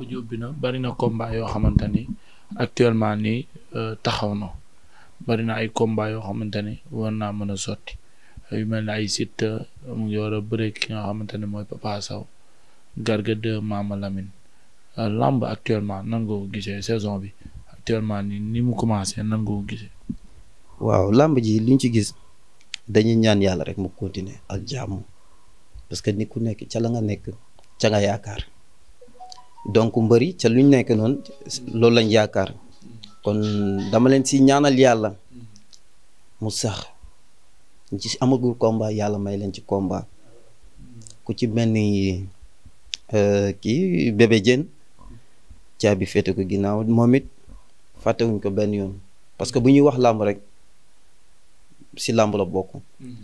làmb ji ubbi na bari na combat yoo xamante ni actuellement nii euh, taxaw na bari na ay combat yoo xamante ni war naa mën a sotti yu mel ne ay mu ngi war xamante ne mooy Papa Sow Garga 2 Mama Lamine euh, actuellement nan nga gisee saison bi actuellement ni ni mu commencé nan nga ko gisee. waaw làmb ji liñ ci gis dañuy ñaan yàlla rek mu continuer ak jàmm parce que ni ku nekk ca la nga nekk ca nga yaakaar. donc mbëri ca luñ nekk noonu loolu lañ yaakaar kon dama leen si ñaanal yàlla mu sax ñu ci amagul combat yàlla may leen ci komba ku ci mel ni euh, kii bébé jën caabi féete ko ginnaaw moom it fàttewuñ ko benn yoon parce que bu ñuy wax làmb rek si làmb la bokk mm.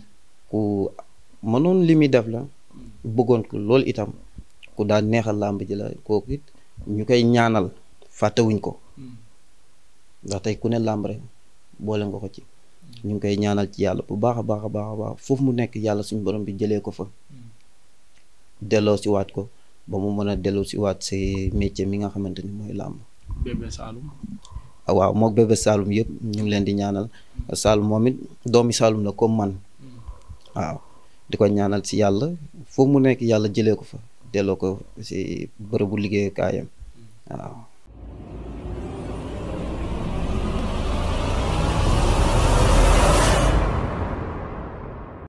ku mënoon li muy def la bëggoon ko loolu itam ku daan neexal làmb ji la kooku it ñu koy ñaanal fàttewuñ ko ndax ku ne làmb rek boole nga ko ci ñu ngi koy ñaanal ci yàlla bu baax a baax a baax a baax foofu mu nekk yàlla suñu borom bi jëlee ko fa si ko ba mën a delloo si si métier mi nga xamante ni mooy làmb ah, Bébé Saloum yëpp ñu ngi leen di ñaanal Saloum moom it doomi Saloum la comme man mm. waaw di ko ñaanal si yàlla foofu mu nekk yàlla jëlee ko fa delloo ko si bërëbu liggéeyukaayam waaw.